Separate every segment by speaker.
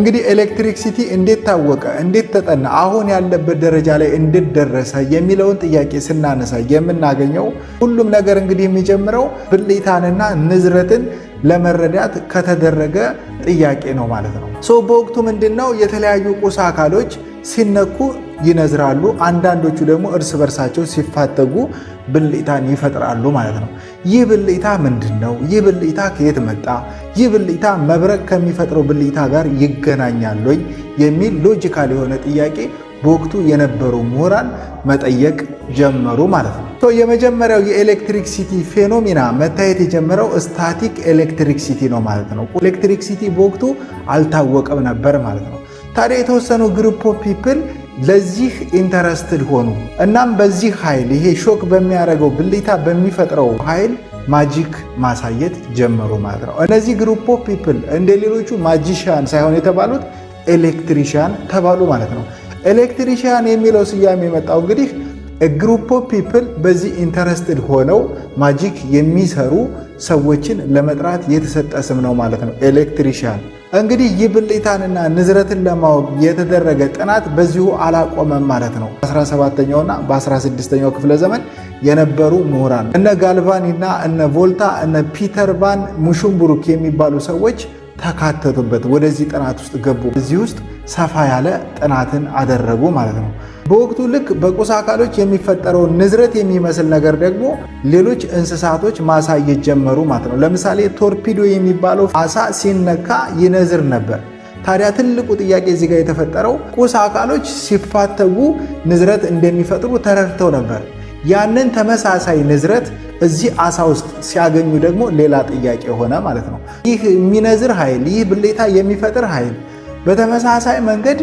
Speaker 1: እንግዲህ ኤሌክትሪክሲቲ እንዴት ታወቀ፣ እንዴት ተጠና፣ አሁን ያለበት ደረጃ ላይ እንዴት ደረሰ የሚለውን ጥያቄ ስናነሳ የምናገኘው ሁሉም ነገር እንግዲህ የሚጀምረው ብልታንና ንዝረትን ለመረዳት ከተደረገ ጥያቄ ነው ማለት ነው። ሶ በወቅቱ ምንድን ነው የተለያዩ ቁስ አካሎች ሲነኩ ይነዝራሉ፣ አንዳንዶቹ ደግሞ እርስ በርሳቸው ሲፋተጉ ብልታን ይፈጥራሉ ማለት ነው። ይህ ብልይታ ምንድን ነው? ይህ ብልታ ከየት መጣ? ይህ ብልታ መብረቅ ከሚፈጥረው ብልታ ጋር ይገናኛል ወይ የሚል ሎጂካል የሆነ ጥያቄ በወቅቱ የነበሩ ምሁራን መጠየቅ ጀመሩ ማለት ነው። የመጀመሪያው የኤሌክትሪክ ሲቲ ፌኖሚና መታየት የጀመረው ስታቲክ ኤሌክትሪክ ሲቲ ነው ማለት ነው። ኤሌክትሪክ ሲቲ በወቅቱ አልታወቀም ነበር ማለት ነው። ታዲያ የተወሰኑ ግሩፕ ኦፍ ፒፕል ለዚህ ኢንተረስትድ ሆኑ። እናም በዚህ ኃይል ይሄ ሾክ በሚያደርገው ብልታ በሚፈጥረው ኃይል ማጂክ ማሳየት ጀመሩ ማለት ነው። እነዚህ ግሩፕ ኦፍ ፒፕል እንደ ሌሎቹ ማጂሻን ሳይሆን የተባሉት ኤሌክትሪሽያን ተባሉ ማለት ነው። ኤሌክትሪሽያን የሚለው ስያሜ የመጣው እንግዲህ ግሩፕ ኦፍ ፒፕል በዚህ ኢንተረስትድ ሆነው ማጂክ የሚሰሩ ሰዎችን ለመጥራት የተሰጠ ስም ነው ማለት ነው። ኤሌክትሪሽያን እንግዲህ ይህ ብልጣንና ንዝረትን ለማወቅ የተደረገ ጥናት በዚሁ አላቆመም ማለት ነው። በ17ኛውና በ16ኛው ክፍለ ዘመን የነበሩ ምሁራን እነ ጋልቫኒ እነ ቮልታ እነ ፒተር ቫን ሙሹምብሩክ የሚባሉ ሰዎች ተካተቱበት፣ ወደዚህ ጥናት ውስጥ ገቡ። እዚህ ውስጥ ሰፋ ያለ ጥናትን አደረጉ ማለት ነው። በወቅቱ ልክ በቁስ አካሎች የሚፈጠረው ንዝረት የሚመስል ነገር ደግሞ ሌሎች እንስሳቶች ማሳየት ጀመሩ ማለት ነው። ለምሳሌ ቶርፒዶ የሚባለው አሳ ሲነካ ይነዝር ነበር። ታዲያ ትልቁ ጥያቄ እዚህ ጋር የተፈጠረው ቁስ አካሎች ሲፋተጉ ንዝረት እንደሚፈጥሩ ተረድተው ነበር። ያንን ተመሳሳይ ንዝረት እዚህ አሳ ውስጥ ሲያገኙ ደግሞ ሌላ ጥያቄ ሆነ ማለት ነው። ይህ የሚነዝር ኃይል፣ ይህ ብሌታ የሚፈጥር ኃይል በተመሳሳይ መንገድ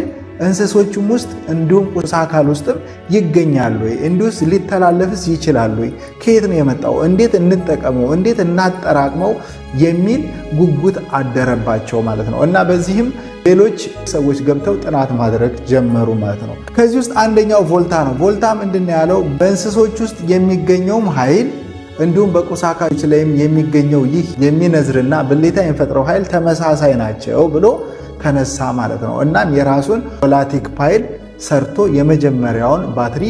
Speaker 1: እንስሶችም ውስጥ እንዲሁም ቁሳ አካል ውስጥም ይገኛል ወይ? እንዲሁስ ሊተላለፍስ ይችላል ወይ? ከየት ነው የመጣው? እንዴት እንጠቀመው? እንዴት እናጠራቅመው? የሚል ጉጉት አደረባቸው ማለት ነው። እና በዚህም ሌሎች ሰዎች ገብተው ጥናት ማድረግ ጀመሩ ማለት ነው። ከዚህ ውስጥ አንደኛው ቮልታ ነው። ቮልታ ምንድን ነው ያለው? በእንስሶች ውስጥ የሚገኘውም ኃይል እንዲሁም በቁስ አካሎች ላይም የሚገኘው ይህ የሚነዝርና ብሌታ የሚፈጥረው ኃይል ተመሳሳይ ናቸው ብሎ ተነሳ ማለት ነው። እናም የራሱን ሆላቲክ ፓይል ሰርቶ የመጀመሪያውን ባትሪ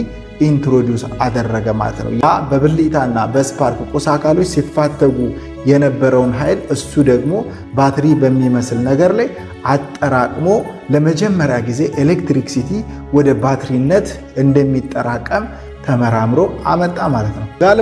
Speaker 1: ኢንትሮዲውስ አደረገ ማለት ነው። ያ በብልታና በስፓርክ ቁስ አካሎች ሲፋተጉ የነበረውን ኃይል እሱ ደግሞ ባትሪ በሚመስል ነገር ላይ አጠራቅሞ ለመጀመሪያ ጊዜ ኤሌክትሪክ ሲቲ ወደ ባትሪነት እንደሚጠራቀም ተመራምሮ አመጣ ማለት ነው።